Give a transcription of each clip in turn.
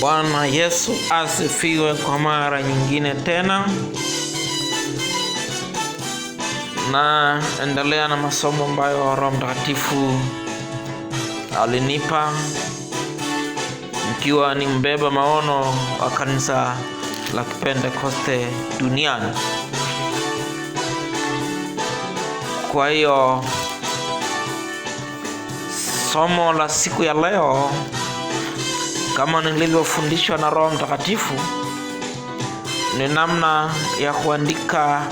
Bwana Yesu asifiwe kwa mara nyingine tena, na endelea na masomo ambayo Roho Mtakatifu alinipa nikiwa ni mbeba maono wa kanisa la Kipentekoste duniani. Kwa hiyo somo la siku ya leo kama nilivyofundishwa na Roho Mtakatifu, ni namna ya kuandika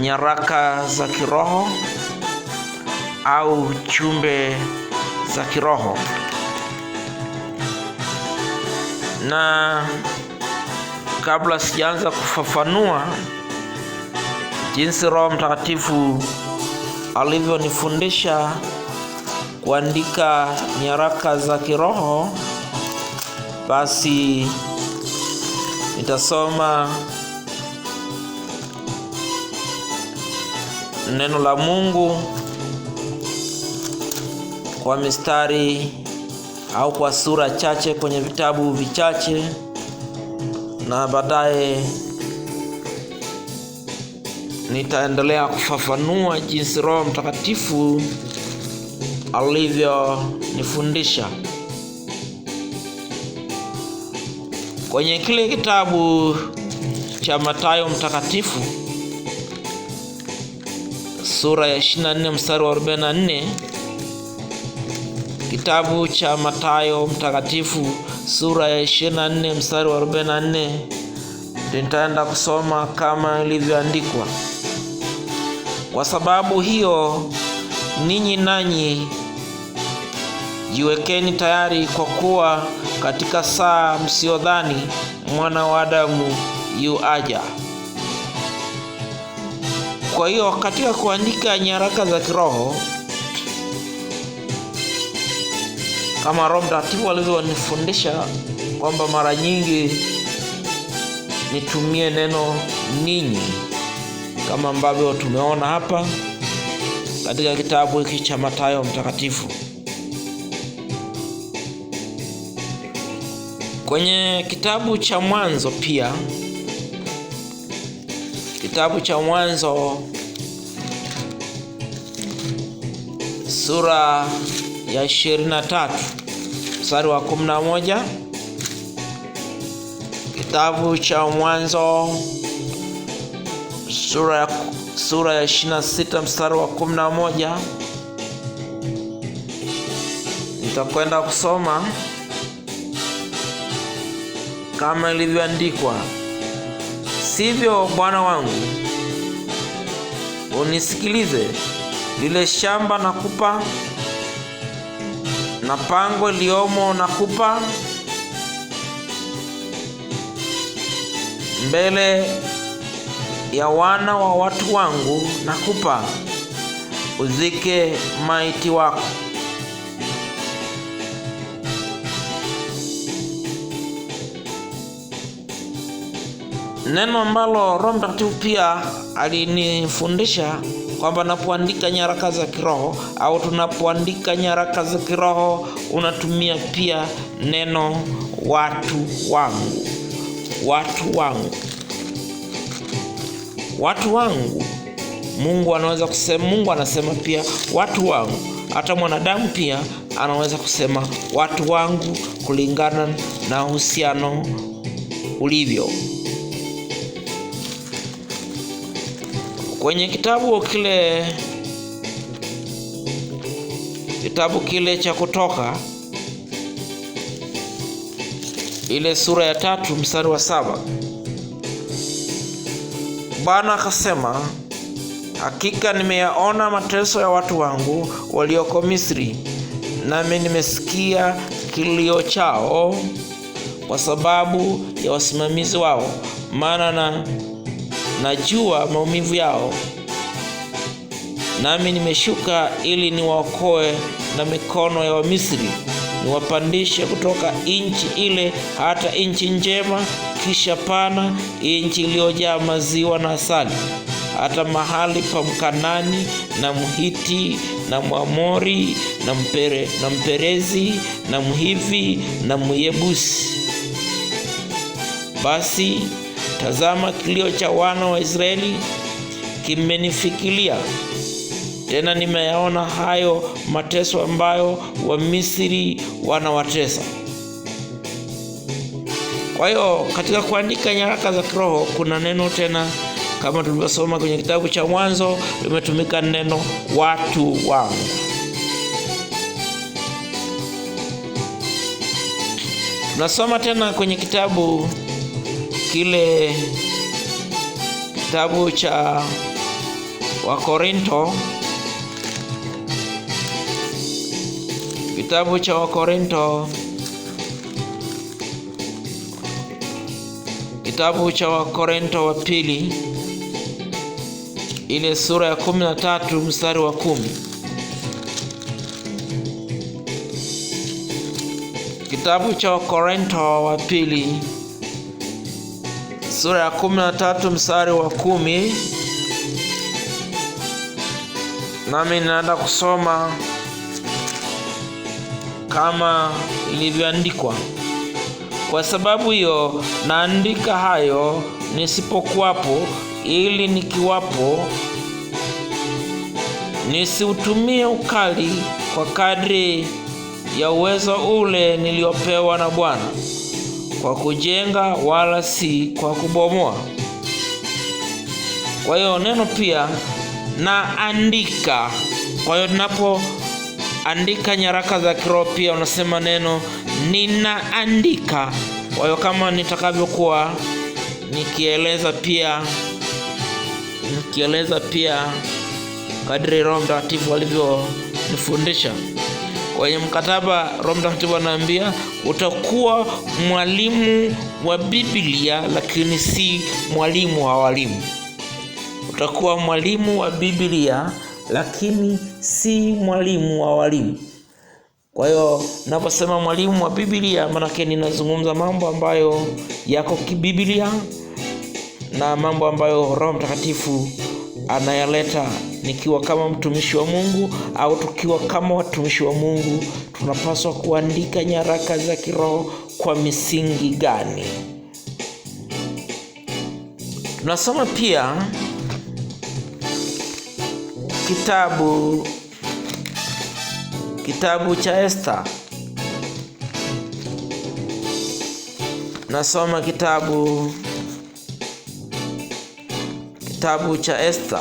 nyaraka za kiroho au chumbe za kiroho na kabla sijaanza kufafanua jinsi Roho Mtakatifu alivyonifundisha kuandika nyaraka za kiroho, basi nitasoma neno la Mungu kwa mistari au kwa sura chache kwenye vitabu vichache, na baadaye nitaendelea kufafanua jinsi Roho Mtakatifu alivyonifundisha. Kwenye kile kitabu cha Mathayo Mtakatifu sura ya 24 mstari wa 44, kitabu cha Mathayo Mtakatifu sura ya 24 mstari wa 44, nitaenda kusoma kama ilivyoandikwa: kwa sababu hiyo ninyi nanyi Jiwekeni tayari kwa kuwa katika saa msiodhani mwana wa Adamu yuaja. Kwa hiyo katika kuandika nyaraka za kiroho kama Roho Mtakatifu alivyonifundisha kwamba mara nyingi nitumie neno ninyi, kama ambavyo tumeona hapa katika kitabu hiki cha Mathayo Mtakatifu. Kwenye kitabu cha Mwanzo pia, kitabu cha Mwanzo sura ya 23 mstari wa 11, kitabu cha Mwanzo sura ya sura ya 26 mstari wa 11 nitakwenda kusoma kama ilivyoandikwa, sivyo bwana wangu? Unisikilize, lile shamba nakupa na pango liomo nakupa, mbele ya wana wa watu wangu nakupa, uzike maiti wako neno ambalo Roho Mtakatifu pia alinifundisha kwamba napoandika nyaraka za kiroho au tunapoandika nyaraka za kiroho unatumia pia neno watu wangu, watu wangu, watu wangu. Mungu anaweza kusema, Mungu anasema pia watu wangu. Hata mwanadamu pia anaweza kusema watu wangu, kulingana na uhusiano ulivyo. kwenye kitabu kile kitabu kile cha Kutoka ile sura ya tatu mstari wa saba Bwana akasema, hakika nimeyaona mateso ya watu wangu walioko Misri, nami nimesikia kilio chao kwa sababu ya wasimamizi wao, maana na najua maumivu yao, nami nimeshuka ili niwaokoe na mikono ya Wamisri, niwapandishe kutoka nchi ile hata nchi njema, kisha pana, nchi iliyojaa maziwa na asali, hata mahali pa Mkanani na Mhiti na Mwamori na, mpere, na Mperezi na Mhivi na Myebusi. Basi Tazama, kilio cha wana wa Israeli kimenifikilia tena, nimeyaona hayo mateso ambayo Wamisri wanawatesa. Kwa hiyo katika kuandika nyaraka za kiroho kuna neno tena, kama tulivyosoma kwenye kitabu cha Mwanzo, limetumika neno watu wangu. Tunasoma tena kwenye kitabu kile kitabu cha Wakorinto, kitabu cha Wakorinto, kitabu cha Wakorinto wa pili, ile sura ya 13 mstari wa kumi. Kitabu cha Wakorinto wa pili sura ya 13 mstari wa kumi, nami ninaenda kusoma kama ilivyoandikwa. Kwa sababu hiyo naandika hayo nisipokuwapo, ili nikiwapo nisiutumie ukali kwa kadri ya uwezo ule niliopewa na Bwana kwa kujenga wala si kwa kubomoa. Kwa hiyo neno pia na andika. Kwa hiyo tunapoandika nyaraka za kiroho pia unasema neno ninaandika. Kwa hiyo kama nitakavyokuwa nikieleza pia nikieleza pia kadri Roho Mtakatifu alivyonifundisha kwenye mkataba, Roho Mtakatifu anaambia utakuwa mwalimu wa Biblia, lakini si mwalimu wa walimu. Utakuwa mwalimu wa Biblia, lakini si mwalimu wa walimu. Kwa hiyo naposema mwalimu wa Biblia, maanake ninazungumza mambo ambayo yako kibiblia na mambo ambayo Roho Mtakatifu anayaleta nikiwa kama mtumishi wa Mungu au tukiwa kama watumishi wa Mungu, tunapaswa kuandika nyaraka za kiroho kwa misingi gani? Tunasoma pia kitabu kitabu cha Esta. Nasoma kitabu kitabu cha Esta.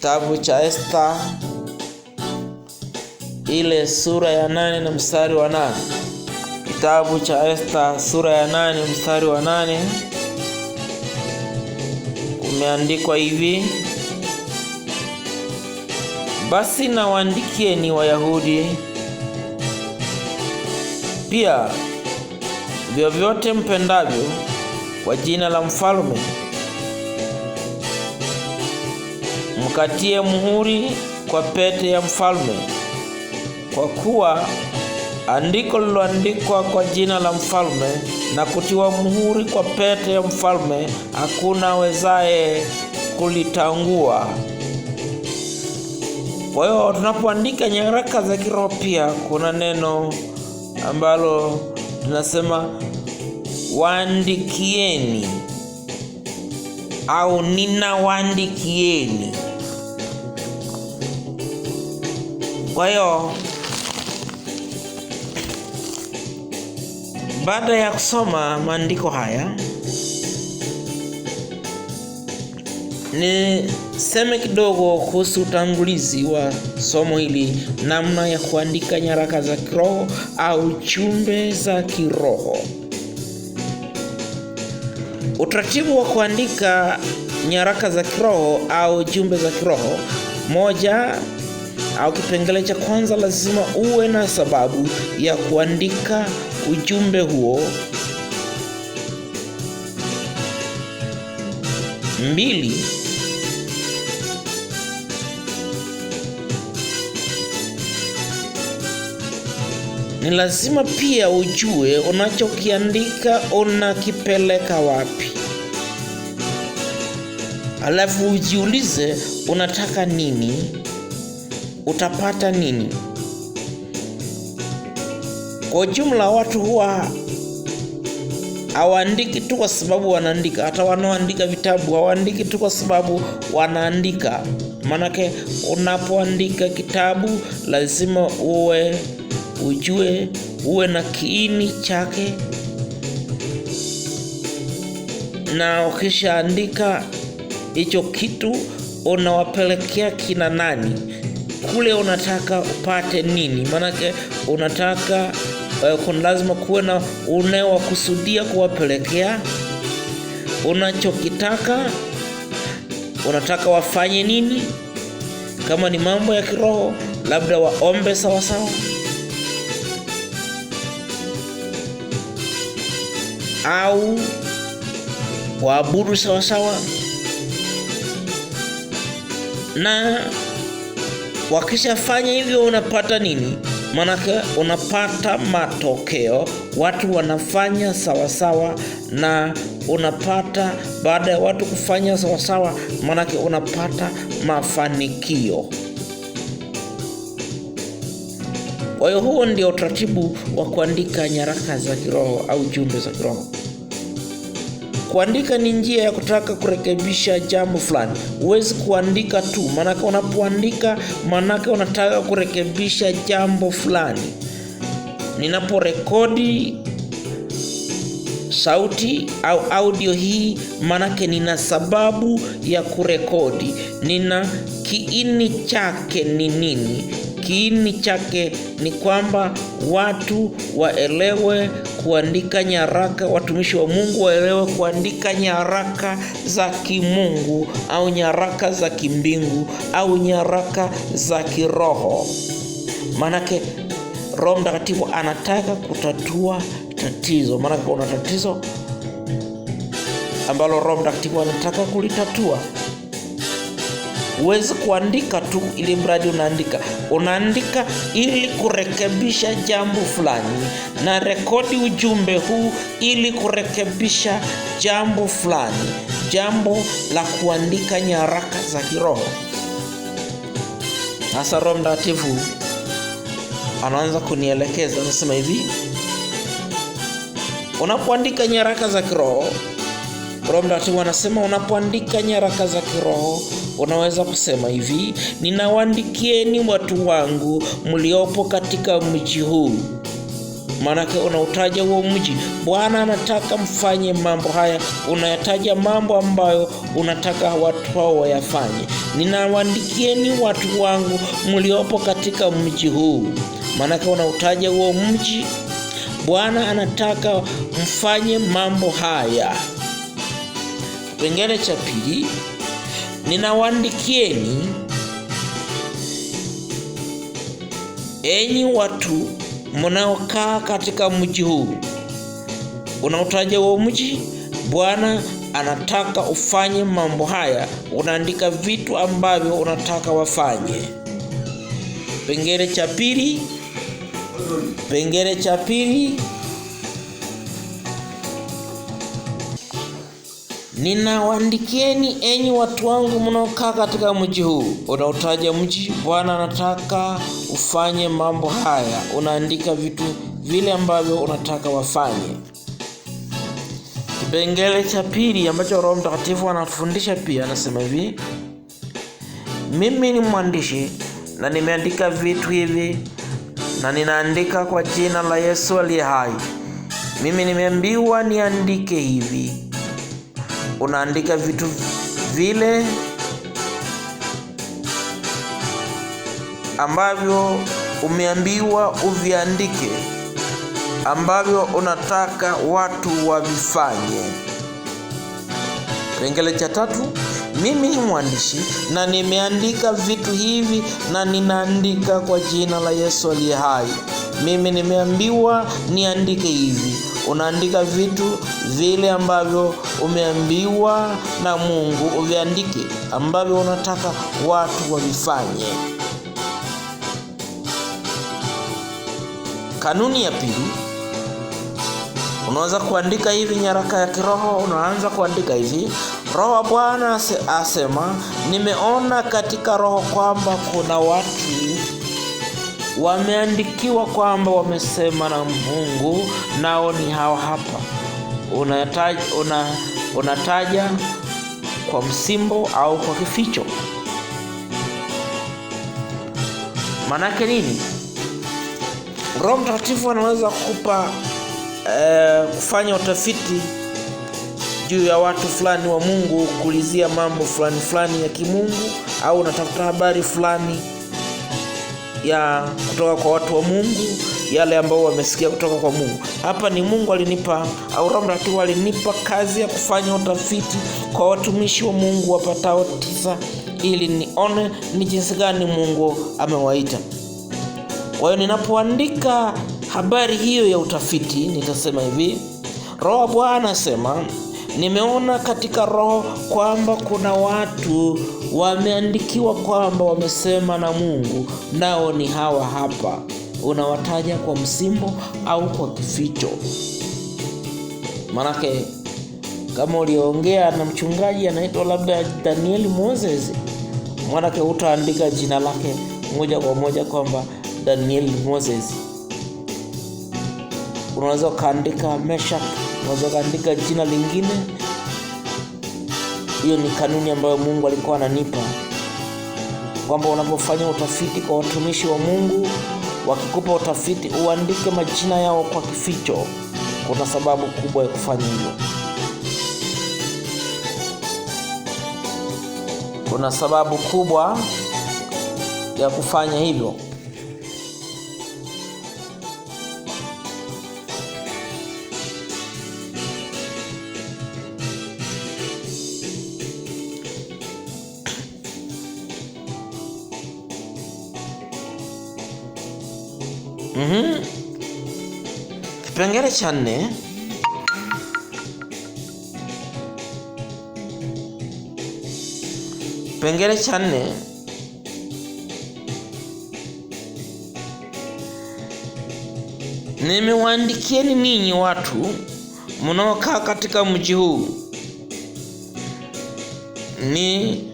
Kitabu cha Esta ile sura ya nane na mstari wa nane. Kitabu cha Esta sura ya nane mstari wa nane umeandikwa hivi: basi nawaandikieni Wayahudi pia vyovyote mpendavyo kwa jina la mfalme mkatie muhuri kwa pete ya mfalme, kwa kuwa andiko liloandikwa kwa jina la mfalme na kutiwa muhuri kwa pete ya mfalme, hakuna awezaye kulitangua. Kwa hiyo tunapoandika nyaraka za kiroho pia kuna neno ambalo tunasema waandikieni, au ninawaandikieni Kwa hiyo baada ya kusoma maandiko haya, niseme kidogo kuhusu utangulizi wa somo hili, namna ya kuandika nyaraka za kiroho au chumbe za kiroho. Utaratibu wa kuandika nyaraka za kiroho au jumbe za kiroho: moja, au kipengele cha kwanza, lazima uwe na sababu ya kuandika ujumbe huo. Mbili, ni lazima pia ujue unachokiandika unakipeleka wapi, alafu ujiulize unataka nini utapata nini? Kwa ujumla, watu huwa hawaandiki tu kwa sababu wanaandika. Hata wanaoandika vitabu hawaandiki tu kwa sababu wanaandika, maanake unapoandika kitabu lazima uwe ujue, uwe na kiini chake, na ukishaandika hicho kitu unawapelekea kina nani? kule unataka upate nini, maanake unataka uh, eh, kuna lazima kuwe na unaowakusudia kuwapelekea, unachokitaka, unataka wafanye nini. Kama ni mambo ya kiroho, labda waombe sawasawa au waabudu sawasawa na Wakishafanya hivyo unapata nini? Maanake unapata matokeo, watu wanafanya sawasawa, na unapata baada ya watu kufanya sawasawa, maanake unapata mafanikio. Kwa hiyo huo ndio utaratibu wa kuandika nyaraka za kiroho au jumbe za kiroho. Kuandika ni njia ya kutaka kurekebisha jambo fulani. Huwezi kuandika tu, maanake unapoandika, maanake unataka kurekebisha jambo fulani. Ninaporekodi sauti au audio hii, maanake nina sababu ya kurekodi, nina kiini chake ni nini kiini chake ni kwamba watu waelewe kuandika nyaraka, watumishi wa Mungu waelewe kuandika nyaraka za kimungu au nyaraka za kimbingu au nyaraka za kiroho, maanake Roho Mtakatifu anataka kutatua tatizo, maanake kuna tatizo ambalo Roho Mtakatifu anataka kulitatua uwezi kuandika tu, ili mradi unaandika, unaandika ili kurekebisha jambo fulani, na rekodi ujumbe huu ili kurekebisha jambo fulani, jambo la kuandika nyaraka za kiroho. Sasa Roho Mtakatifu anaanza kunielekeza, anasema hivi, unapoandika nyaraka za kiroho Roho Mtakatifu anasema unapoandika nyaraka za kiroho unaweza kusema hivi: ninawaandikieni watu wangu mliopo katika mji huu. Maanake unautaja huo mji. Bwana anataka mfanye mambo haya, unayataja mambo ambayo unataka watu hao wayafanye. ninawandikieni watu wangu mliopo katika mji huu, maanake unautaja huo mji. Bwana anataka mfanye mambo haya. Kipengele cha pili ninawaandikieni enyi watu mnaokaa katika mji huu unaotaja wa mji. Bwana anataka ufanye mambo haya, unaandika vitu ambavyo unataka wafanye. Pengele cha pili, pengele cha pili Ninawaandikieni enyi watu wangu mnaokaa katika mji huu unaotaja mji. Bwana anataka ufanye mambo haya, unaandika vitu vile ambavyo unataka wafanye. Kipengele cha pili ambacho Roho Mtakatifu anafundisha pia, anasema hivi, mimi ni mwandishi na nimeandika vitu hivi na ninaandika kwa jina la Yesu aliye hai. Mimi nimeambiwa niandike hivi unaandika vitu vile ambavyo umeambiwa uviandike, ambavyo unataka watu wavifanye. Kipengele cha tatu, mimi ni mwandishi na nimeandika vitu hivi na ninaandika kwa jina la Yesu aliye hai. Mimi nimeambiwa niandike hivi unaandika vitu vile ambavyo umeambiwa na Mungu uviandike, ambavyo unataka watu wavifanye. Kanuni ya pili, unaweza kuandika hivi nyaraka ya kiroho. Unaanza kuandika hivi: Roho wa Bwana asema, nimeona katika roho kwamba kuna watu wameandikiwa kwamba wamesema na Mungu, nao ni hawa hapa. Unataja, una, unataja kwa msimbo au kwa kificho. Maanake nini? Roho Mtakatifu anaweza kukupa eh, kufanya utafiti juu ya watu fulani wa Mungu, kuulizia mambo fulani fulani ya kimungu, au unatafuta habari fulani ya kutoka kwa watu wa Mungu, yale ambao wamesikia kutoka kwa Mungu. Hapa ni Mungu alinipa auramratu, alinipa kazi ya kufanya utafiti kwa watumishi wa Mungu wapatao tisa, ili nione ni jinsi gani Mungu amewaita. Kwa hiyo ninapoandika habari hiyo ya utafiti, nitasema hivi: Roho Bwana asema, nimeona katika Roho kwamba kuna watu wameandikiwa kwamba wamesema na Mungu, nao ni hawa hapa. Unawataja kwa msimbo au kwa kificho? Manake kama uliongea na mchungaji anaitwa labda Daniel Moses, manake utaandika jina lake moja kwa moja kwamba Daniel Moses. Unaweza ukaandika Meshak, unaweza ukaandika jina lingine hiyo ni kanuni ambayo Mungu alikuwa ananipa kwamba unapofanya utafiti kwa watumishi wa Mungu, wakikupa utafiti uandike majina yao kwa kificho. Kuna sababu kubwa ya kufanya hivyo. Kuna sababu kubwa ya kufanya hivyo. Mm -hmm. Kipengele cha nne kipengele cha nne nimewaandikieni ninyi watu mnaokaa katika mji huu ni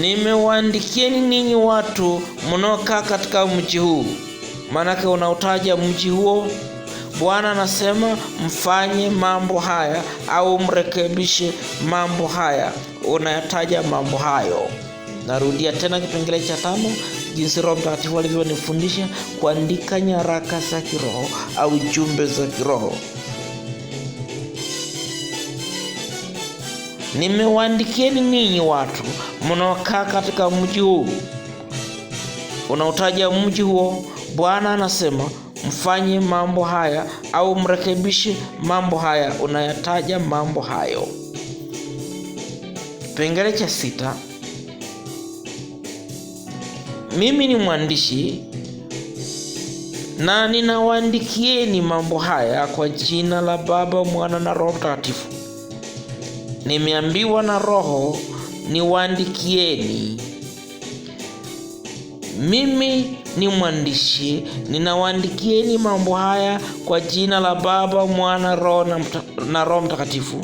nimewaandikieni ninyi watu mnaokaa katika mji huu maanake unautaja mji huo. Bwana anasema mfanye mambo haya au mrekebishe mambo haya, unayataja mambo hayo. Narudia tena kipengele cha tano, jinsi Roho Mtakatifu alivyonifundisha kuandika nyaraka za kiroho au jumbe za kiroho. Nimewaandikieni ninyi watu mnaokaa katika mji huu, unaotaja mji huo Bwana anasema mfanye mambo haya au mrekebishe mambo haya, unayataja mambo hayo. Kipengele cha sita, mimi ni mwandishi na ninawaandikieni mambo haya kwa jina la Baba, Mwana na Roho Mtakatifu. Nimeambiwa na Roho niwaandikieni. Mimi ni mwandishi, ninawaandikieni mambo haya kwa jina la Baba, Mwana, Roho na, na Roho Mtakatifu.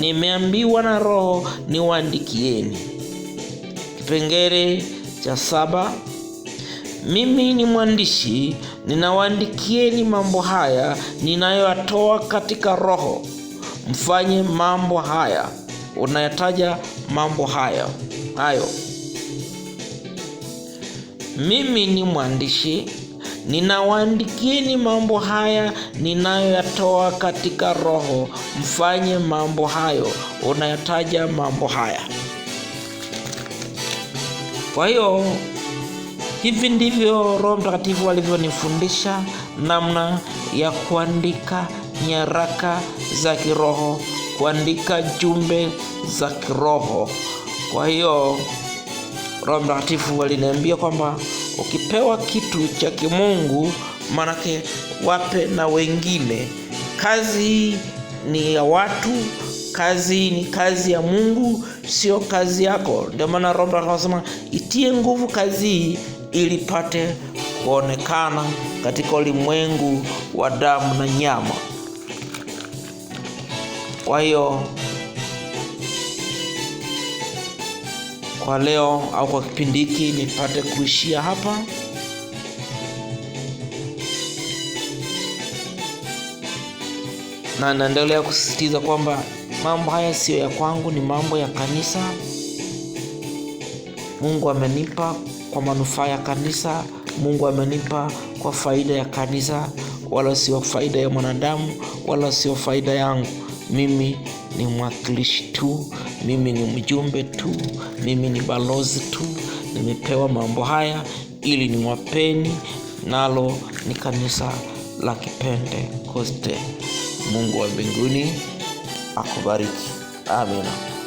Nimeambiwa na Roho niwaandikieni. Kipengele cha saba. Mimi ni mwandishi, ninawaandikieni mambo haya ninayoyatoa katika Roho. Mfanye mambo haya unayataja mambo haya hayo mimi ni mwandishi, ninawaandikieni mambo haya ninayoyatoa katika Roho, mfanye mambo hayo, unayataja mambo haya. Kwa hiyo hivi ndivyo Roho Mtakatifu alivyonifundisha namna ya kuandika nyaraka za kiroho, kuandika jumbe za kiroho. Kwa hiyo Roho Mtakatifu aliniambia kwamba ukipewa kitu cha kimungu, manake wape na wengine. Kazi ni ya watu, kazi ni kazi ya Mungu, sio kazi yako. Ndio maana Roho Mtakatifu anasema itie nguvu kazi hii ili pate kuonekana katika ulimwengu wa damu na nyama. Kwa hiyo kwa leo au kwa kipindi hiki nipate kuishia hapa. Na naendelea kusisitiza kwamba mambo haya siyo ya kwangu, ni mambo ya kanisa. Mungu amenipa kwa manufaa ya kanisa. Mungu amenipa kwa faida ya kanisa, wala sio faida ya mwanadamu, wala sio faida yangu. Mimi ni mwakilishi tu mimi ni mjumbe tu, mimi ni balozi tu, nimepewa mambo haya ili niwapeni, nalo ni kanisa la kipende koste Mungu wa mbinguni akubariki. Amina.